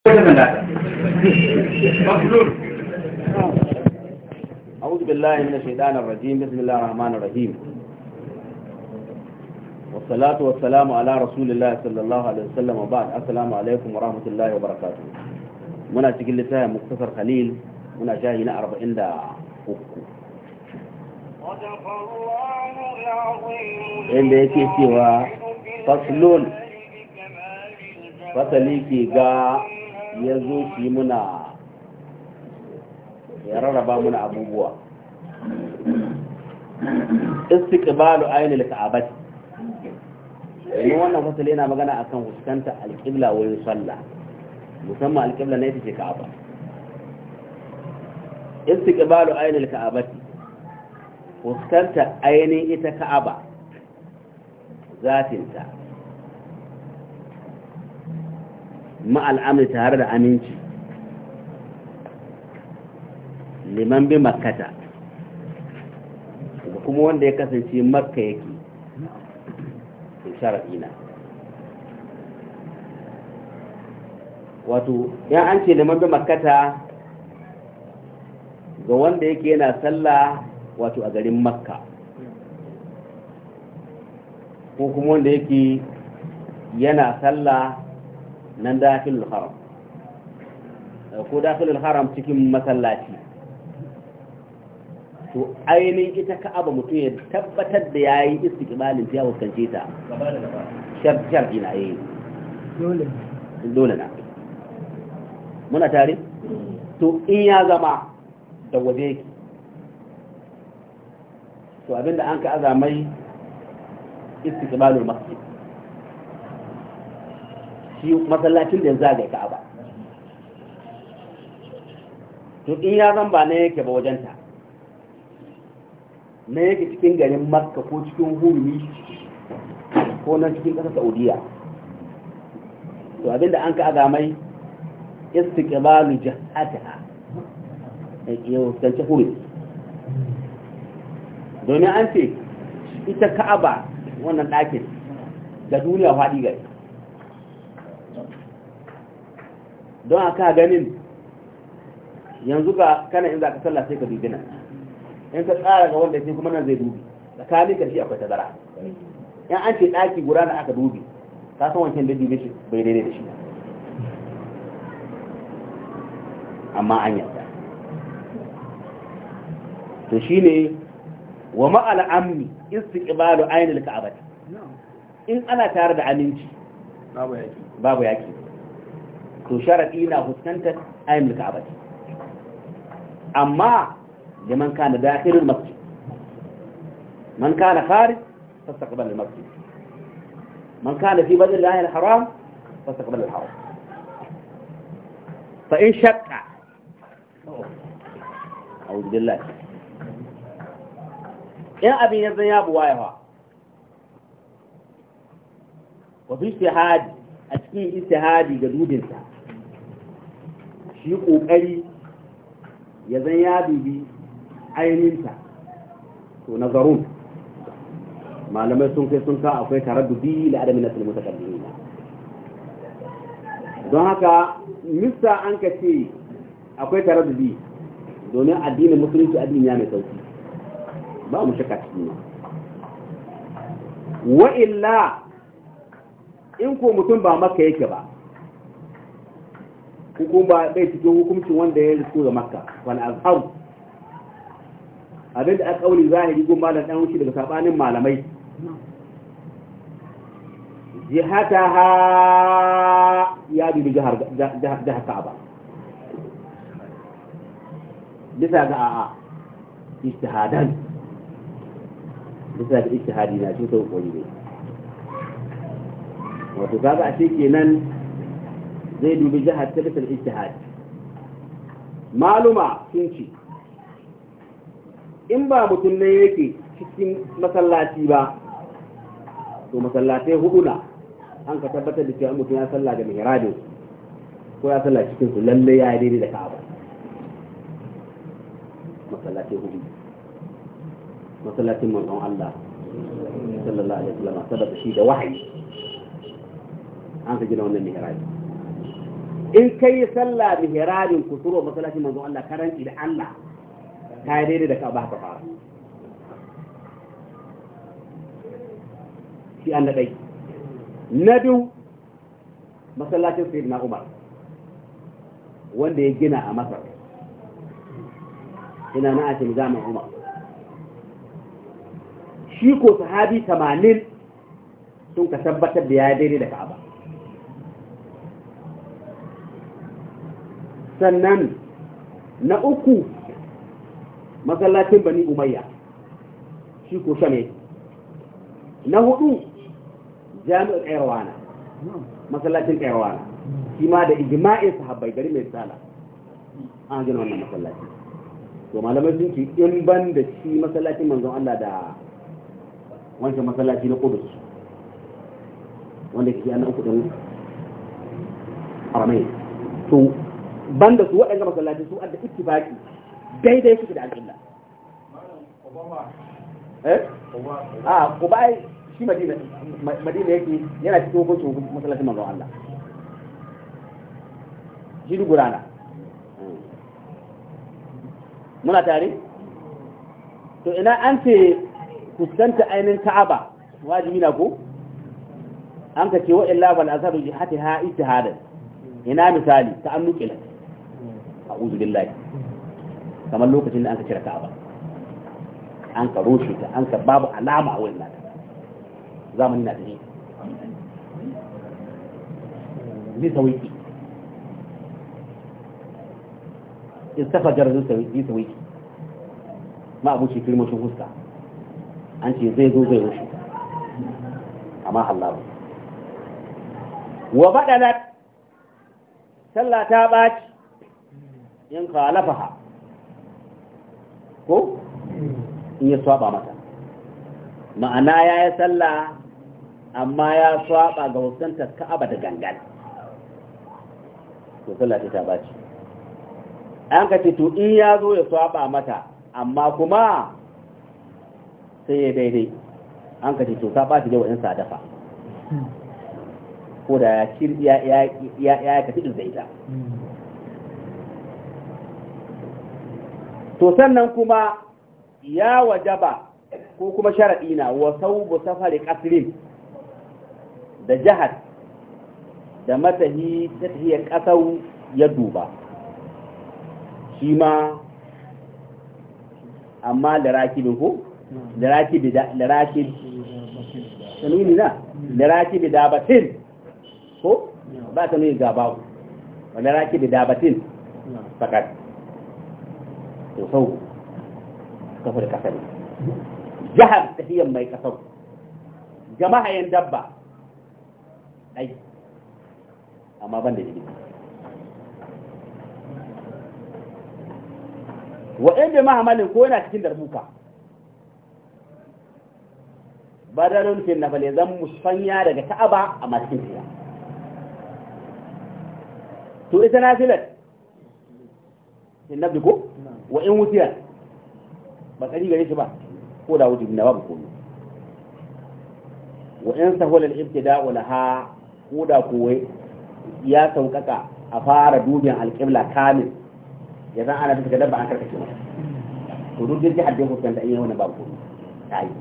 أعوذ بالله من الشيطان الرجيم بسم الله الرحمن الرحيم والصلاة والسلام على رسول الله صلى الله عليه وسلم وبعد السلام عليكم ورحمة الله وبركاته منا تقول لتها مختصر خليل منا شاهينا أربعين دا أكو إن بيكي سوا فصلون فصلي كي غا ya zo ki muna ya rarraba muna abubuwa istiqbalu aynil ka'abati ne wannan fasali yana magana akan fuskanta alƙibla wurin sallah musamman alƙibla na ne ke ka'aba istiqbalu aynil ka'abati fuskanta ainihin ita ka'aba zatinta ma'al'amri tare da aminci liman bi makkata kuma wanda ya kasance makka yake shara'ina wato yan an ce liman bi makkata ga wanda yake yana sallah wato a garin makka ko kuma wanda yake yana sallah nan dafilul haram eh, ko dafilul haram cikin masallaci to ainihin ita ka'aba mutum ya tabbatar da ya yi ta ya wuskance ta shar ina yi eh. dole na muna tare to in ya zama da waje yake to abinda an ka azamai istiqbalul masjid shi masallacin da ya zagaye ka'aba to in ya zan ba ne yake ba wajenta na yake cikin garin makka ko cikin hurumi ko nan cikin ƙasa saudiya to abinda an ka aga mai istiqbalu ke yau tantance hurumi domin an ce ita ka'aba wannan ɗakin da duniya faɗi gari don aka ganin yanzu ga kana in za ka sallah sai ka dubina in ka tsara ga wanda sai kuma nan zai dubi tsakanin ka shi akwai tazara in an ce daki guda da aka dubi ka san wancan da dubi shi bai daidai da shi amma an yarda to shine wa ma'al amni istiqbalu ainil ka'bah in ana tare da aminci babu yaki babu yaki to sharafi na fuskantar ayin ka'aba amma liman kana dakhilul masjid man kana kharij fastaqbal al-masjid man kana fi badr al-ahli al-haram fastaqbal al-haram fa in shaqqa a'udhu billahi in abin yanzu ya buwaye fa wa fi istihadi a cikin istihadi ga dubinsa shi ƙoƙari ya zan ya bibi ainihinta to nazarun malamai sun kai sun ka akwai taraddudi da adamin nasil mutakallimin don haka mista an ka ce akwai tare taraddudi domin addinin musulunci addini ya mai sauki ba mu shaka cikin wa illa in ko mutum ba maka yake ba hukuma bai cikin hukuncin wanda ya rufu ga makka wal azhar abin da aka kauli zahiri gun malam dan wuce daga sabanin malamai jihataha ya dubi jihar jihar Ka'aba bisa ga a'a ijtihadan bisa ga ijtihadi na cikin to koyi ne wato kaga a ce kenan zai dubi jihar ta bisa ijtihad maluma sun ce in ba mutum ne yake cikin masallaci ba to masallatai hudu na an ka tabbatar da cewa mutum ya sallah da mihrabin ko ya sallah cikin su lalle ya daidai da Ka'aba masallatai hudu masallatin manzon Allah sallallahu alaihi wasallam sabata shi da wahayi an ka gina wannan mihrabi in kai sallah mihrabin turo masallacin manzo Allah karanci da Allah ta yi daidai da ka ba ka fara shi an ɗai na biyu masallacin sayyid na umar wanda ya gina a masar ina na ake zaman umar shi ko sahabi tamanin sun ka tabbatar da ya daidai da ka'aba sannan na uku masallacin bani umayya shi ko shame na hudu jami'ar ƙayarwana masallacin ƙayarwana shi ma da ijma'in sahabbai gari mai sala an gina wannan masallaci to malamai sun ce in ban da shi masallacin manzon Allah da wancan masallaci na kudus wanda ke an uku din Aramai to banda su waɗanda masallaci su adda ittifaqi daidai suke da aljanna eh a kubai shi madina madina yake yana cikin hukuncin masallacin manzon Allah shi gurana muna tare to ina an ce ku fuskanta ainihin ka'aba wajibi na ko an ka ce wa'in labar azaru jihati ha ita hadar ina misali ta an nukila أعوذ بالله كما لو كنت أنك ترى كعبة أنك روشك أنك باب علامة أول لك زمن الناس هي دي سويتي استفى جرد دي سويتي ما أبوشي في المشي فسكا أنت زي زو زي روشي أما حلاب وبدلت صلى تاباتي in khalafaha ko in ya saba mata ma'ana ya yi sallah amma ya saba ga wasantar ka'aba da gangan to sallah ta bace an ka ce to in ya zo ya saba mata amma kuma sai ya daidai an ka ce to ka bace da sadafa ko da ya ya ya ya ya ya to sannan kuma ya wajaba ko kuma sharaɗina wa saubu safari ƙasirin da jihar da matahi ta tahiyar ƙasau ya duba shi ma amma da rakibin ko? da raki da raki da raki da raki da batin ko? ba nuna gaba da raki da batin fakat to sau kafar kasar jihar tahiyyar mai kasar jama'a dabba ai amma ban da jini wa ɗan jama'a mahamalin ko yana cikin darbuka Ba badalun na nafal zan musanya daga ta'aba a masu siya to ita nafilat na bi ko wa in wutiya ba tsari gare shi ba ko da wuce na babu komai wa in sahwala al-ibtida wa laha ko da kuwa ya saukaka a fara dubin alƙibla kamin ya san ana tafi dabba an karkace mata to duk jirgin haddai hukun da an yi wani babu komai ta yi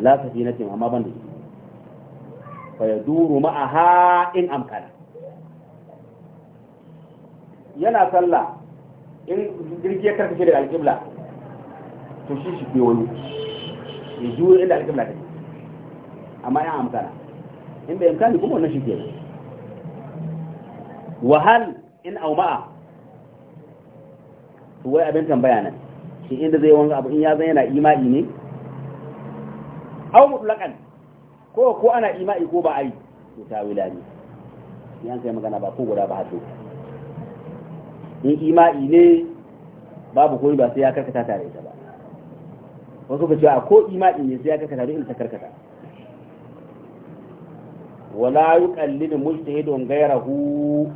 la safinatin amma ban da fa yaduru ma'aha in amkana yana sallah in jirgi ya karkace daga alƙibla to shi shi wani ya juyo inda alƙibla ta amma ya amsana in bai amsani kuma wannan shi ke wahal in au ma'a to wai abin tambaya nan shi inda zai wani abu in ya zan yana ima'i ne au mutlaqan ko ko ana ima'i ko ba ai to wila ne yan kai magana ba ko guda ba hado in ima'i ne babu koyi ba sai ya karkata tare da ba wasu kuma cewa ko ima'i ne sai ya karkata duk ta karkata wala yuqallidu mujtahidun ghayrahu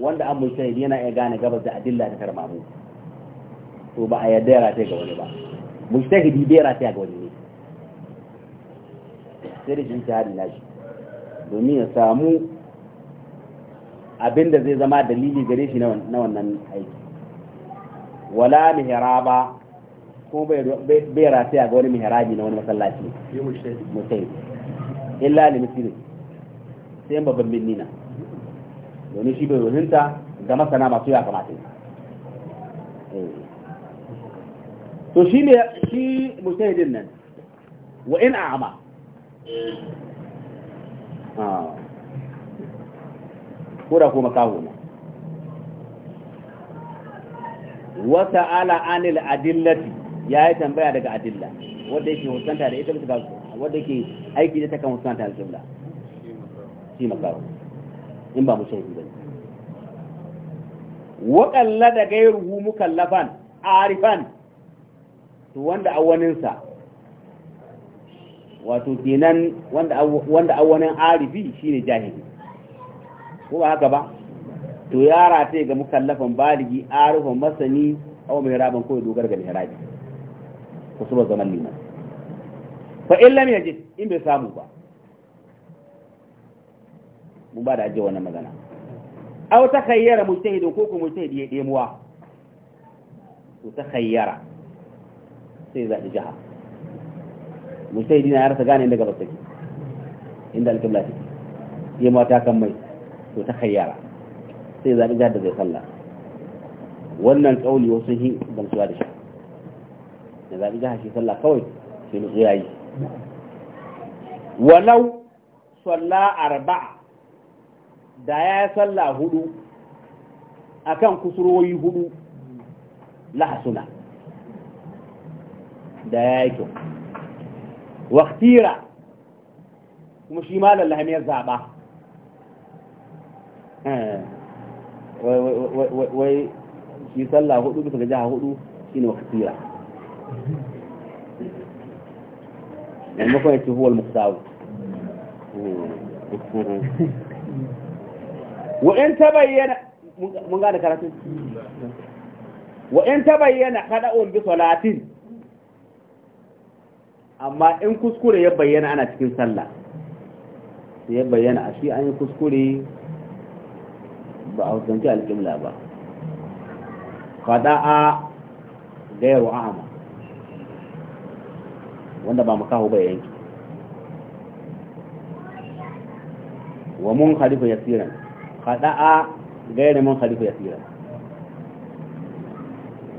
wanda an mujtahid yana iya gane gabas da adilla ta karmamu to ba a yadda ya rataya ga wani ba mujtahidi bai rataya ga wani ne sai da shi ta hadin nashi domin ya samu Abin da zai zama dalili gare shi na wannan aiki wala mihraba ko bai rasiya ga wani mihrabi na wani masallaci mutai illa ne misri sai babban birni na domin shi bai rohinta ga masana masu ya kamata eh. to shi ne shi mutai din nan wa in a'ama ah. ko da ko makaho na wata ala anil adillati ya yi tambaya daga adilla wadda yake hussanta da ita bisa wadda yake aiki da ta kan hussanta da jumla shi makaho in ba mu shaidu ba waƙalla da gairuhu mukallafan arifan to wanda awaninsa wato kenan wanda awanin arifi shine jahili ko ba haka ba to yara ta ga mukallafan baligi arufan masani aw mai raban ko dogar ga mihrabi ko su zaman liman fa in lam yaji in bai samu ba mun ba da ajiye wannan magana aw ta khayyara mujtahidin ko ko mujtahidi ya demuwa to ta khayyara sai zaɓi jiha ta na ya rasa gane inda gaba take inda alƙibla take yema ta kan mai to ta khayyara sai zaɓi gada zai sallah wannan kauli wasu yi gamsuwa da shi da zaɓi gada shi sallah kawai shi nutsu ya yi walau sallah arba'a da ya yi sallah hudu akan kusurwoyi hudu lahasuna da ya yi kyau waktira kuma shi ma lallahimiyar zaɓa Eh. wai shi sallah hudu bisa ga jiha hudu shi ne wakasira maimakon ya ce huwal muktawu hmm. wa'in ta bayyana mun gane karatun wa'in ta bayyana haɗa'un bi salatin amma in kuskure ya bayyana ana cikin sallah ya bayyana a shi an yi kuskure ba a hukunci alƙibla ba fada'a gairu ama. wanda ba makaho ba yanki wa mun ya yasiran fada'a gairu mun ya yasiran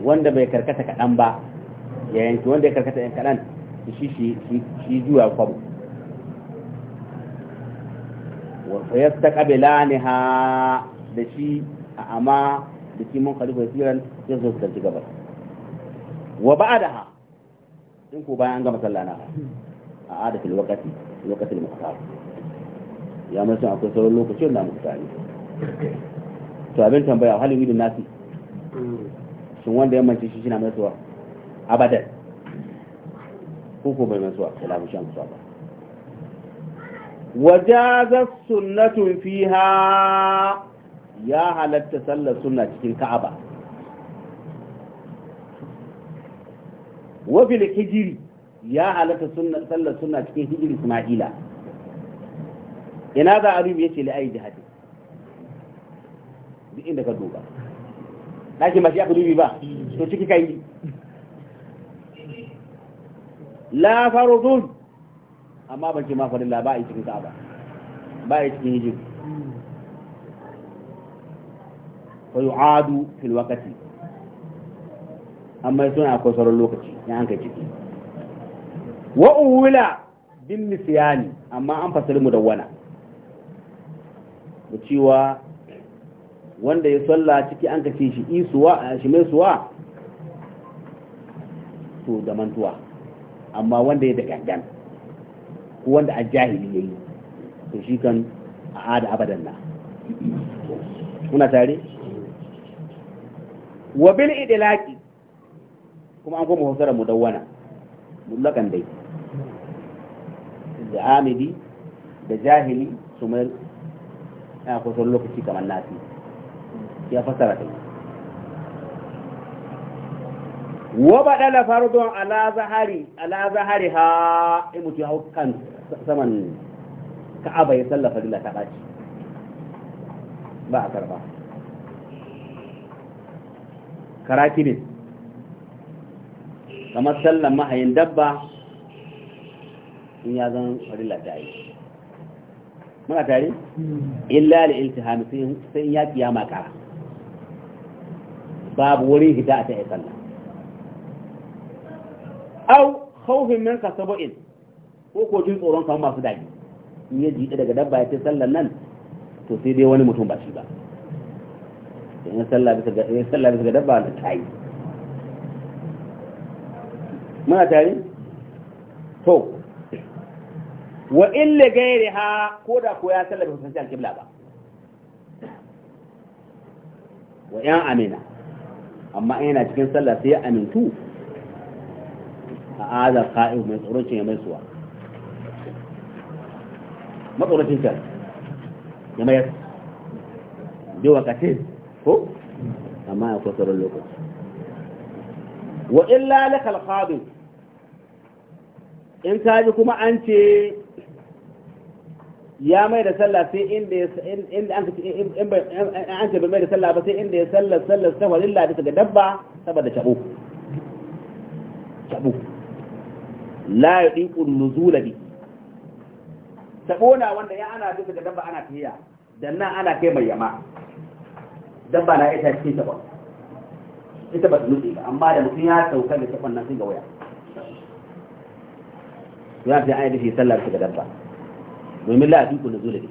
wanda bai karkata kaɗan ba ya yanki wanda ya karkata yan kaɗan shi shi juya kwabo wasu ya ta ƙabila ne ha da shi a amma da shi mun kalifa siran ya zo su gabas wa ba'daha in ko bayan an gama sallah na a adatul da waqtil muqtar ya mun san akwai sauran lokaci da muka tsari to abin tambaya halin widin nasi shin wanda ya mance shi shi na masuwa abadan ko ko bai masuwa salamu shan kusa ba wajazat sunnatun fiha ya halatta sallar suna cikin ka'aba wafil hijiri ya halatta sallar suna cikin hijiri ismaila ina za a rubi ya ce la'ayi jihadi duk inda ka duba ɗakin ba shi aka dubi ba to ciki kan yi la farudun amma ban ce ma farilla ba a yi cikin ka'aba ba a yi cikin hijiri wa yu'adu fil waqti amma suna akwai sauran lokaci ya an kai ciki wa uwila bin nisyani amma an fasali mu da wana da cewa wanda ya salla ciki an kace shi isuwa shi mai suwa to da mantuwa amma wanda ya da gangan ko wanda a jahili yayi to shi kan a ada abadan na kuna tare wa bil idlaqi kuma an koma fassara mudawwana mutlakan dai da amidi da jahili su mai ya kusa lokaci kamar nasi ya fasara dai wa badala fardun ala zahari ala zahari ha in mutu saman ka'aba ya sallafa dilla ta baci ba a karba karatibin kamar sallan mahayin dabba in ya zan farilla ta yi muna tare? illa da iltihami sai in ya fiya makara babu wurin hita a ta yi sallah au haufin min ka ko ko jin tsoron kamar masu daji in yi jiɗe daga dabba ya ce sallan nan to sai dai wani mutum ba shi ba in sallah bisa ga in sallah bisa ga dabba da tayi muna tare to wa in li gairiha ko da ko ya sallah bisa san alqibla ba wa yan amina amma yana cikin sallah sai ya amintu a azar qa'im mai tsorocin ya mai suwa matsorocin ta ya mayar biyu wakatin ko amma akwai sauran lokaci wa illa lakal qadi in kaji kuma an ce ya mai da sallah sai inda inda an an ce bai mai da sallah ba sai inda ya sallar sallar ta walilla bisa ga dabba saboda tabo tabo la yudiqu nuzula bi tabo na wanda ya ana bisa ga dabba ana tiya dan nan ana kai mai yama dabba na ita cikin ta ba ita ba ta nutse ba amma da mutum ya sauka da tafan nan sun ga waya ya fi ayi shi sallar su ga dabba domin la iko na zuwa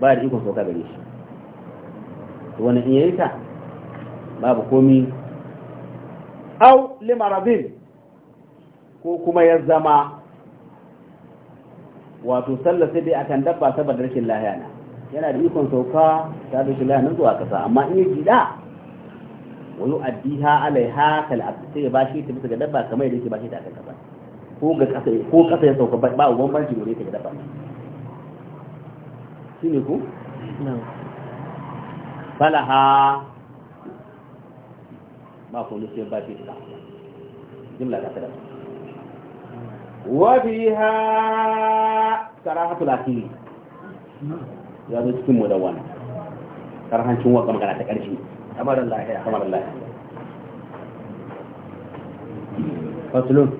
ba da ikon sauka gare shi to wani in yayi ta babu komi au limaradin ko kuma ya zama wato sallar sai dai akan dabba saboda rashin lahiya na yana da ikon sauka ta da shi lanin zuwa kasa amma in yi gida wa yu addiha alaiha kal sai ya bashi ta bisa ga dabba kamar yadda yake bashi ta kan kasa ko kasa ya sauka ba uban banji gore ta ga dabba ku? ko falaha ba ku nufi ba shi ta jimla ga tada wa biha karahatul akhiri ya zo cikin mu da wani karhancin wanka magana ta karshe kamar Allah ya kamar Allah fasulun